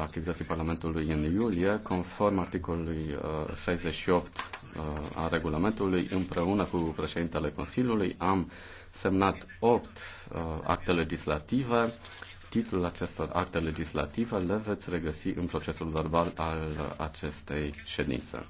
activității Parlamentului în iulie, conform articolului 68 a regulamentului, împreună cu președintele Consiliului, am semnat 8 acte legislative. Titlul acestor acte legislative le veți regăsi în procesul verbal al acestei ședințe.